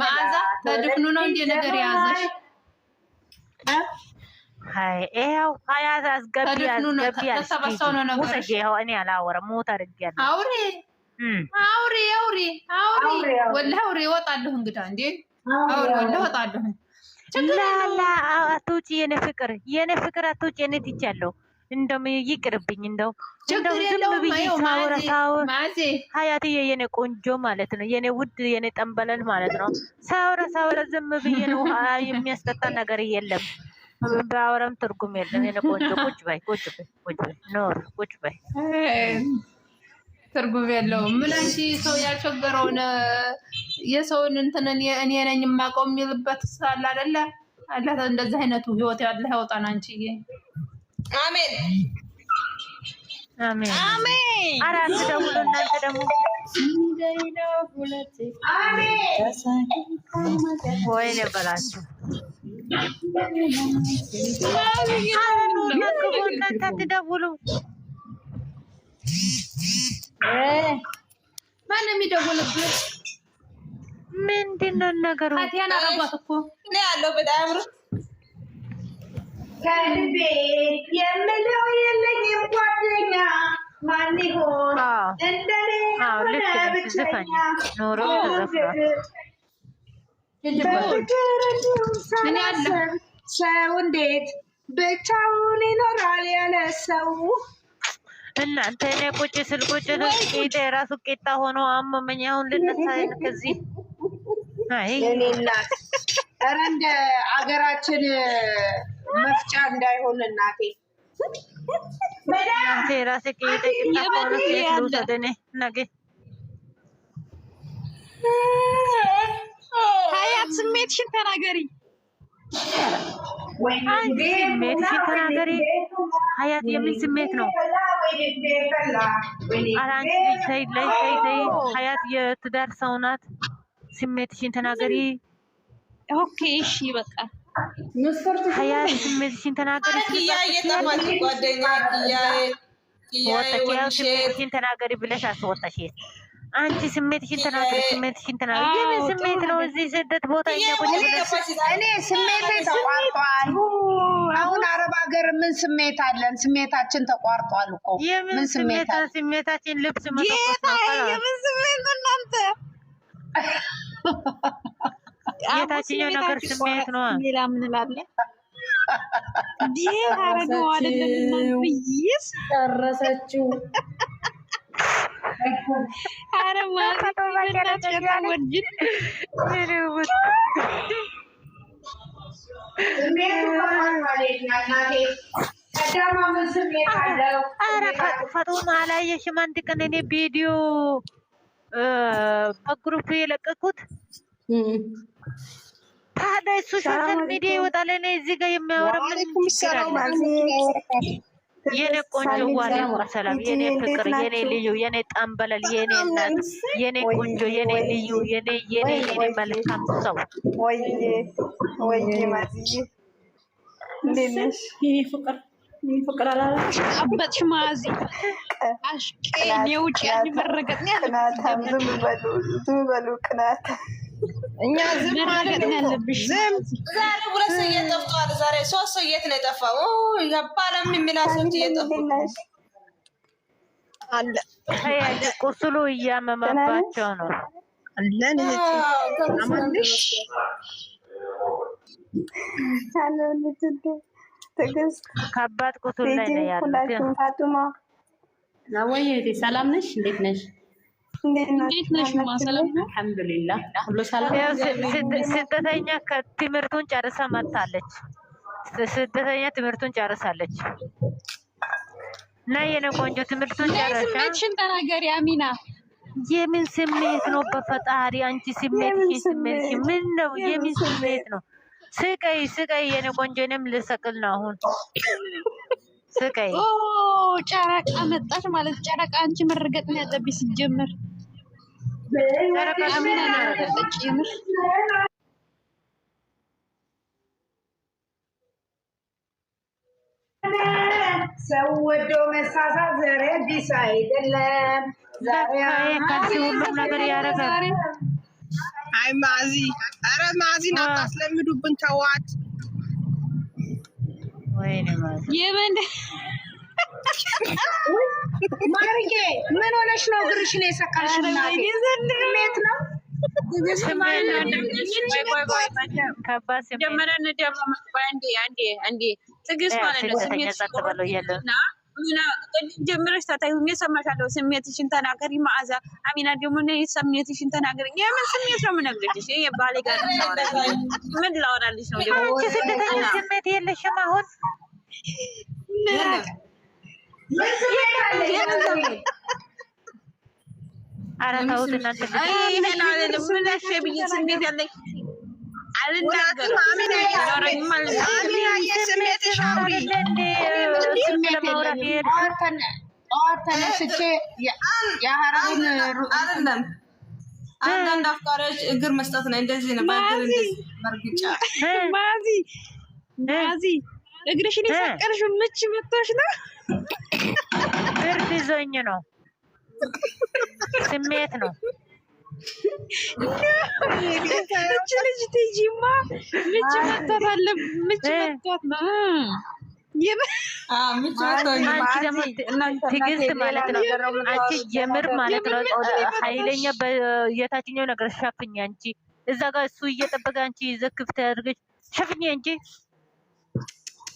መዓዛ በድፍኑ ነው እንደ ነገር የያዘሽ? ይኸው ሀያት አስገቢ ተሰበሰው ነው ነገርሽ። እኔ አላወራም ሞት አድርጊያለሁ። አውሪ አውሪ አውሪ አውሪ ወላሂ አውሪ። እወጣለሁ እንግዳ እንዴ አውሪ ወላሂ እወጣለሁ። ላላ አትውጪ የኔ ፍቅር የኔ ፍቅር አትውጪ የኔ ትቻለሁ እንደም ይቅርብኝ። እንደው እንደው ዝም ብዬ ሳወራ ሳወራ ሀያትዬ የኔ ቆንጆ ማለት ነው የኔ ውድ የኔ ጠንበለል ማለት ነው። ሳወራ ሳወራ ዝም ብዬ ነው። የሚያስጠጣ ነገር የለም። በአወራም ትርጉም የለም። የኔ ቆንጆ ቁጭ በይ፣ ቁጭ በይ፣ ቁጭ በይ፣ ኖር ቁጭ በይ። ትርጉም የለውም። ምን አንቺ ሰው ያልቸገረውን የሰውን እንትን እኔ ነኝ የማውቀው የሚልበት ስላለ አይደለ አላት። እንደዚህ አይነቱ ህይወት ያለ ያውጣን አንቺዬ አሜን አሜን አሜን። ኧረ አትደውሉ እናንተ ደግሞ ወይኔ በላችሁ። ግቡ እናንተ አትደውሉ። ማነው የሚደውልብሽ? ምንድን ነው ነገሩ? ያለበት ከልቤ የምለው የለኝም ጓደኛ ማን ይሆን እንደኔ ሆነ ብቸኛ ሰው እንዴት ብቻውን ይኖራል ያለ ሰው እናንተ እኔ ቁጭ ስል ቁጭ ስል ቄጤ የራሱ ቄጣ ሆኖ አመመኝ። አሁን ልነሳ ከዚህ እኔ እናት ኧረ እንደ አገራችን መፍጫ እንዳይሆን እናቴ ራሴ ሀያት ስሜትሽን ተናገሪ፣ ስሜትሽን ተናገሪ። ሀያት የምን ስሜት ነው? ኧረ አንቺ ልጅ ተይ ተይ ተይ። ሀያት የትዳር ሰው ናት። ስሜትሽን ተናገሪ። ኦኬ እሺ በቃ ሀያ ስሜትሽን ተናገሪ። ስሜትሽን ተናገሪ ብለሽ አስወጣሽ። አንቺ ስሜትሽን ተናገሪ። ስሜትሽን ተናገሪ። የምን ስሜት ነው? እዚህ ስደት ቦታ እኔ ስሜቴ ተቋርጧል። አሁን አረብ ሀገር ምን ስሜት አለን? ስሜታችን ተቋርጧል እኮ ምን ስሜት ስሜታችን ልብስ መ የምን ስሜት እናንተ የታችኛው ነገር ስሜት ነው። ሌላ ምን እላለሁ? ይህ አረገው አይደለም። ይስ ጨረሰችው። አረ ማለት አረ ፈጡን አላየሽም? አንድ ቀን እኔ ቪዲዮ በግሩፕ የለቀኩት ታዲያ እሱ ሶሻል ሚዲያ ይወጣል። እኔ እዚህ ጋር የሚያወራ ምንም ችግር አለ? የኔ ቆንጆዋ ሰላም፣ የኔ ፍቅር፣ የኔ ልዩ፣ የኔ ጣምበለል፣ የኔ እናት፣ የኔ ቆንጆ፣ የኔ ልዩ፣ የኔ የኔ የኔ መልካም ሰው ወይ ወይ ማዚ ቅናት እኛ ዝም ማለት ያለብሽ ዛሬ ሁለት ሰው ዛሬ ሶስት ሰው የት ነው የጠፋው? ባለም የሚላሰት እየጠፉ ቁስሉ እያመመባቸው ነው። አለን ከባድ ቁስል ላይ ነው ሰላም ነሽ? እንዴት ነሽ? ስደተኛ ትምህርቱን ጨርሳ መጣለች። ስደተኛ ትምህርቱን ጨርሳለች። እና የኔ ቆንጆ ትምህርቱን ጨርሳ ስሜትሽን ተናገሪ አሚና። የምን ስሜት ነው? በፈጣሪ አንቺ ስሜት ስሜት ምን ነው? የምን ስሜት ነው? ስቀይ ስቀይ፣ የኔ ቆንጆ እኔም ልሰቅል ነው አሁን ስቀይ። ጨረቃ መጣች ማለት ጨረቃ፣ አንቺ መረገጥ ነው ያለብሽ ሲጀምር ሰው ወዶ መሳሳ ዘረ ቢስ አይደለም። ከዚህ ሁሉም ነገር ያደረጋል። አይ ማዚ፣ ኧረ ማዚን አታስለምዱብን ተዋት። ወይኔ ማዚ ማርዬ ምን ሆነሽ ነው? ግርሽን የሰካሽ ነው። ጀምረሽ ታታዩኝ ነው? ስደተኛ ስሜት የለሽም አሁን ኧረ ተውት እናንተ አንዳንድ አፍቃሪዎች እግር መስጠት ነው። እንደዚህ ነው። ማዚ ማዚ እግርሽን የሰቀልሽው ምች መቶሽ ነው። ብርድ ይዞኝ ነው። ስሜት ነው። እች ልጅ ትጂማ ምች መታት አለ። ምች መታት ነው። ትዕግስት ማለት ነው። አንቺ የምር ማለት ነው። ኃይለኛ የታችኛው ነገር ሸፍኝ አንቺ እዛ ጋር እሱ እየጠበቀ አንቺ ይዘህ ክፍት ሸፍኝ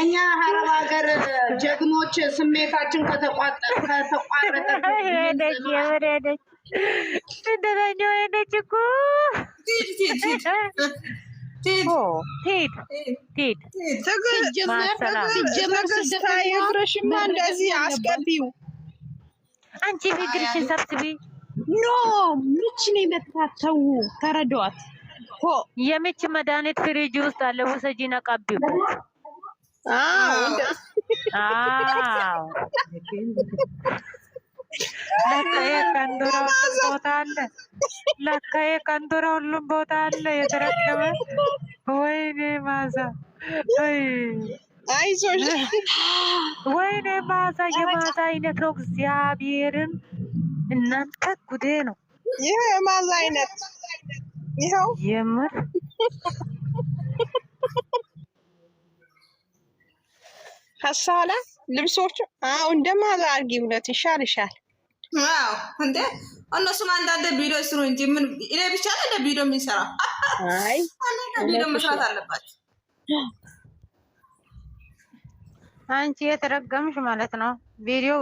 እኛ አረብ ሀገር ጀግኖች ስሜታችን ከተቋረጠ ስደተኛ ሄደች እኮ እንደዚህ አስገቢው። አንቺ እግርሽን ሰብስቢ። ኖ ምች ነው የመታተው። ተረዷት። የምች መድኃኒት ፍሪጅ ውስጥ አለ። ውሰጂ ነቃቢው ለካ የቀንዶራ ሁሉም ቦታ አለ የተረከበ። ወይኔ ማዛ አይዞሽ፣ ወይኔ ማዛ የማዛ አይነት ነው። እግዚአብሔርን እናንተ ጉዴ ነው። ይህ የማዛ አይነት ይኸው የምር ከሳ ልብሶቹ አዎ እንደማል አርጊ ብለት ይሻል ይሻል። አዎ እንዴ እነሱም አንዳንድ ቪዲዮ ስሩ እንጂ ምን እኔ ብቻ ለ ቪዲዮ የሚሰራ አይ አንዳንድ ቪዲዮ መስራት አለባቸው። አንቺ የተረገምሽ ማለት ነው። ቪዲዮ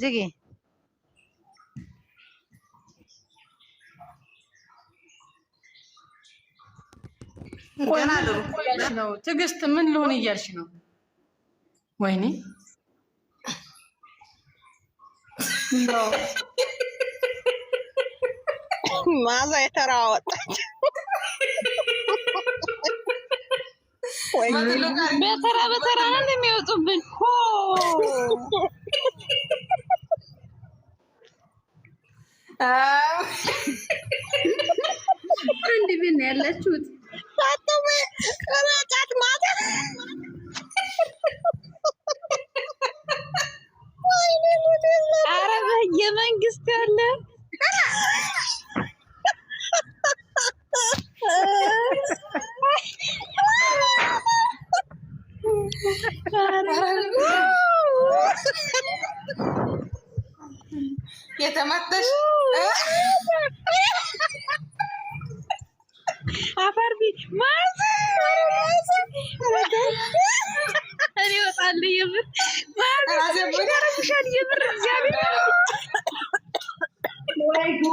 ዝጊ። ነው ትዕግስት ምን ልሆን እያልሽ ነው? ወይኔ ማዛ የተራዋ በተራ በተራ ነው የሚወጡብን አንድ ቤት ነው ያለችሁት። የመንግስት ያለ የተመተሽ አፈር ቢት ማዘ እኔ እወጣለሁ የምር ማዘ ምን የምር እግዚአብሔር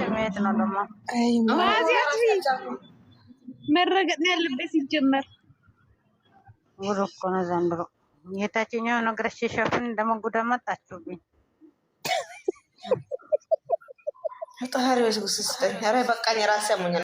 ስሜት ነው ደግሞ መረገጥ ያለበት። ሲጀመር ጉድ እኮ ነው ዘንድሮ። የታችኛው ነገር ሲሸፍን ደግሞ ጉድ አመጣችሁብኝ። ጠሪ ስስጠኝ ራ በቃ የራስ ያሙኛል